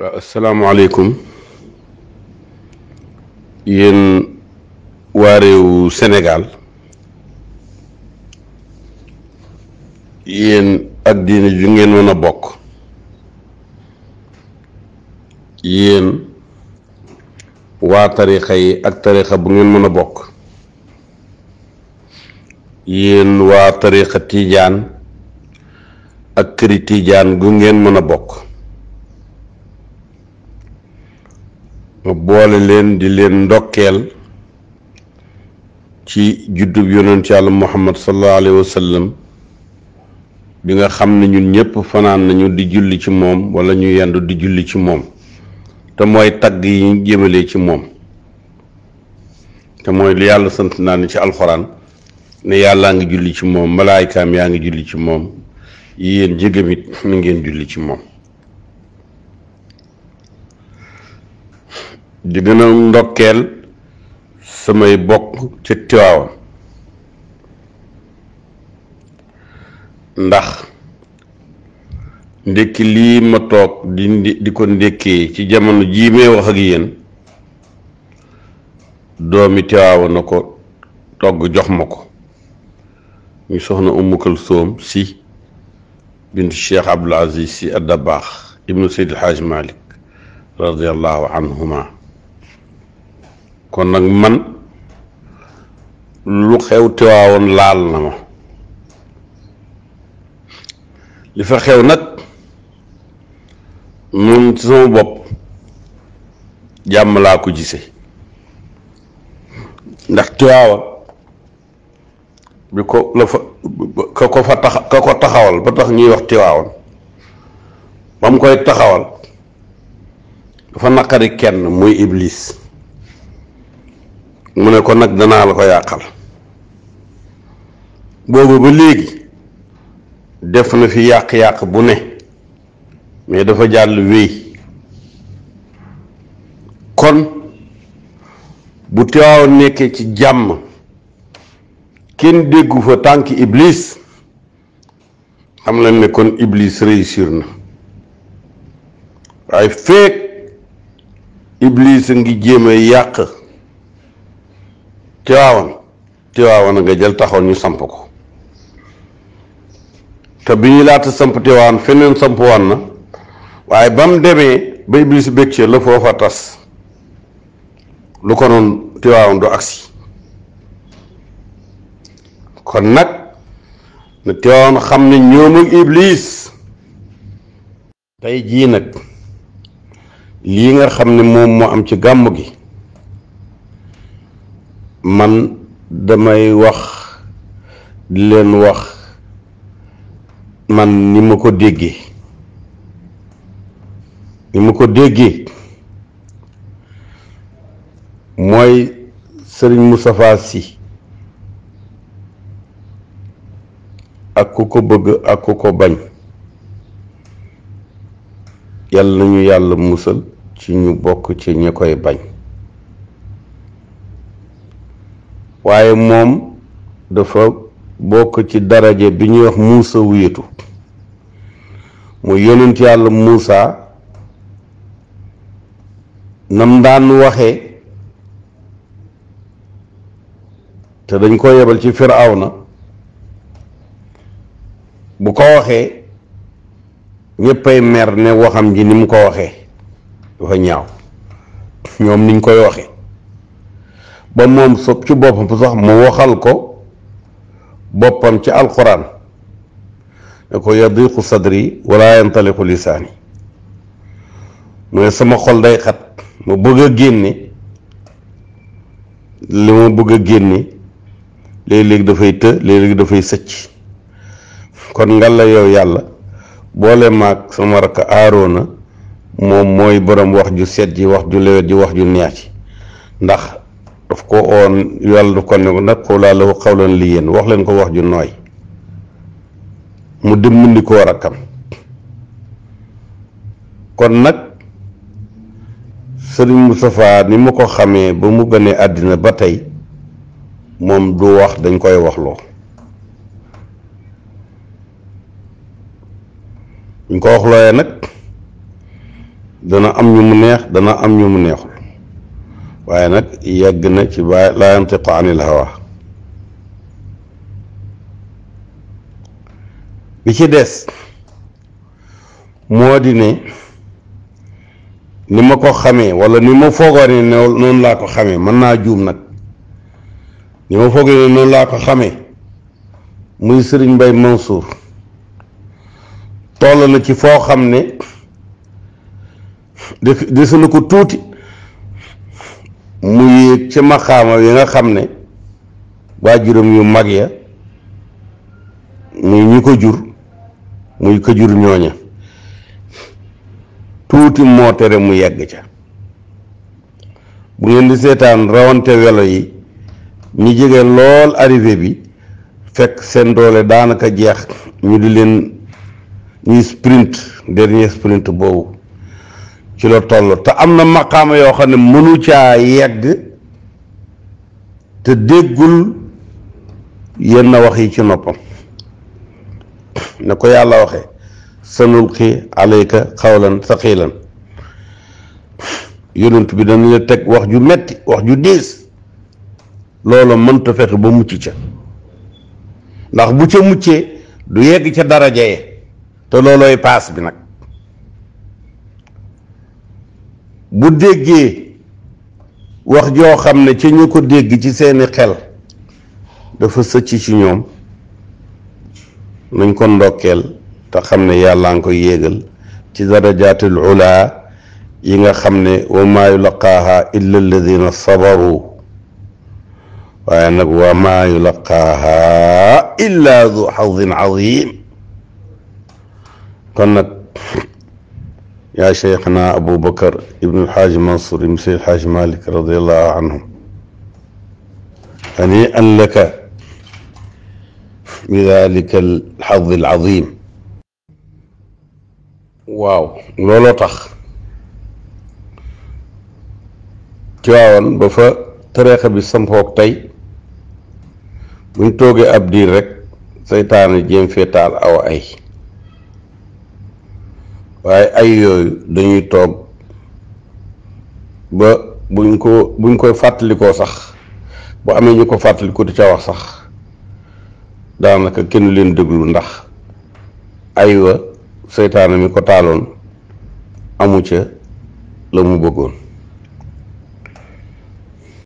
waaw asalaamaaleykum yéen waa réewu Sénégal yéen ak diine ju ngeen mën a bokk yéen waa tarixa yi ak tarixa bu ngeen mën a bokk yéen waa tarixa tiijaan ak këri tiijaan gu ngeen mën a bokk ma boole leen di leen ndokkeel ci juddub yonent yàlla muhammad sallallahu alayhi wa bi nga xam ne ñun ñëpp fanaan nañu di julli ci moom wala ñu yendu di julli ci moom te mooy tagg yi ñu ci moom te mooy lu yàlla sant naa ne ci alxuraan ne yàllaa ngi julli ci moom malaayikaam yaa ngi julli ci moom yéen jëgam it mi ngeen julli ci moom di gën ndokkeel samay bokk ca Tiwaawan ndax ndékki lii ma toog di di ko ndékkee ci jamono jii may wax ak yéen doomi Tiwaawan na ko togg jox ma ko ñu soxna Umu Kalsoom si bintu Cheikh Abdul Aziz si Addabaax ibnu Seydil Haaj Malik radiallahu anhuma kon nag man lu xew tiwaawoon laal na ma li fa xew nag moom ci bopp jàmm laa ko gise ndax tiwaawa bi ko la fa ka ko fa tax ka ko taxawal ba tax ñuy wax tiwaawoon ba koy taxawal dafa naqari kenn muy iblis mu ne ko nag danaa la ko yàqal boobu ba léegi def na fi yàq-yàq bu ne mais dafa jàll wéy kon bu teewaaw nekkee ci jàmm kenn déggu fa tànk iblis xam la ne kon iblis réussir na waaye feek iblis a ngi jéem a yàq Tiwaawan Tiwaawan nga jël taxoon ñu samp ko te bi ñuy laata samp Tiwaawan feneen samp woon na waaye ba mu demee ba Iblis bëgg la foofa tas lu ko noonu Tiwaawan du agsi kon nag ne Tiwaawan xam ne ñoom ak Iblis tey jii nag lii nga xam ne moom moo am ci gàmm gi man damay wax di leen wax man ni ma ko déggee ni ma ko déggee mooy sëriñ Moustapha si ak ku ko bëgg ak ku ko bañ yàlla nañu yàlla musal ci ñu bokk ci ñi koy bañ waaye moom dafa bokk ci daraje bi ñuy wax muusa wiyatu mu yonent yàlla muusa nam daan waxe te dañ ko yebal ci na bu ko waxee ñëppay mer ne waxam ji ni mu ko waxee dafa ñaaw ñoom niñ koy waxe ba moom sob ci boppam sax mu waxal ko boppam ci alxuraan ne ko yadiqu sadri wala yantaliqu yi mu ne sama xol day xat mu bëgg a génne li ma bëgg a génne léeg-léeg dafay të léeg dafay sëcc kon ngal la yow yàlla boole maag sama rakk aaroona moom mooy borom wax ju set ji wax ju lewet ji wax ju neex ci ndax daf ko oon yàlla daf ko ne ko nag xawlaa la xawlan li yéen wax leen ko wax ju nooy mu dem mundi koo rakkam kon nag sëriñ Moustapha ni ma ko xamee ba mu gënee àddina ba tey moom du wax dañ koy waxloo buñ ko waxlooyee nag dana am ñu mu neex dana am ñu mu neexul waaye nag yegg na ci ba laa yantiqu anil hawa bi ci des moo di ne ni ma ko xamee wala ni ma foogoo ne noonu laa ko xamee mën naa juum nag ni ma foogoo ne noonu laa ko xamee muy sëriñ Mbay Mansour toll na ci foo xam ne def desuna ko tuuti mu yéeg ca maxaama yi nga xam ne waajuram yu mag ya muy ñi ko jur muy ko jur ñooña tuuti moo tere mu yegg ca bu ngeen di seetaan rawante welo yi ñu jege lool arrivé bi fekk seen doole daanaka jeex ñu di leen ñuy sprint dernier sprint boobu ci la toll te am na maqaama yoo xam ne mënu caa yegg te déggul yenn wax yi ci noppam ne ko yàlla waxee sanulqi alayka xawlan saqilan yonent bi dañu la teg wax ju metti wax ju diis loolu mënta fexe ba mucc ca ndax bu ca muccee du yegg ca daraja ye te loolooy paas bi nag bu déggee wax joo xam ne ci ñu ko dégg ci seeni xel dafa sëcc ci ñoom nañ ko ndokkeel te xam ne yàllaa nga ko yéegal ci darajaatil ula yi nga xam ne wa maa yulaqaaha illa alladina sabaru waaye nag wa maa yulaqaaha kon nag yaa cheikhna abou bakar ibnulxaaji mansour ibn seyd xaaji malik radiallahu anhum hani an laka bi dalika alxad alazim waaw looloo tax ci waawoon ba fa tariixa bi sampoog tey buñ toogee ab diir rek seytaane jéem fee taal aw ay waaye ay yooyu dañuy toog ba buñ ko buñ koy fàttalikoo sax bu amee ñu ko fàttaliku di ca wax sax daanaka kenn leen déglu ndax ay wa seytaane mi ko taaloon amu ca la mu bëggoon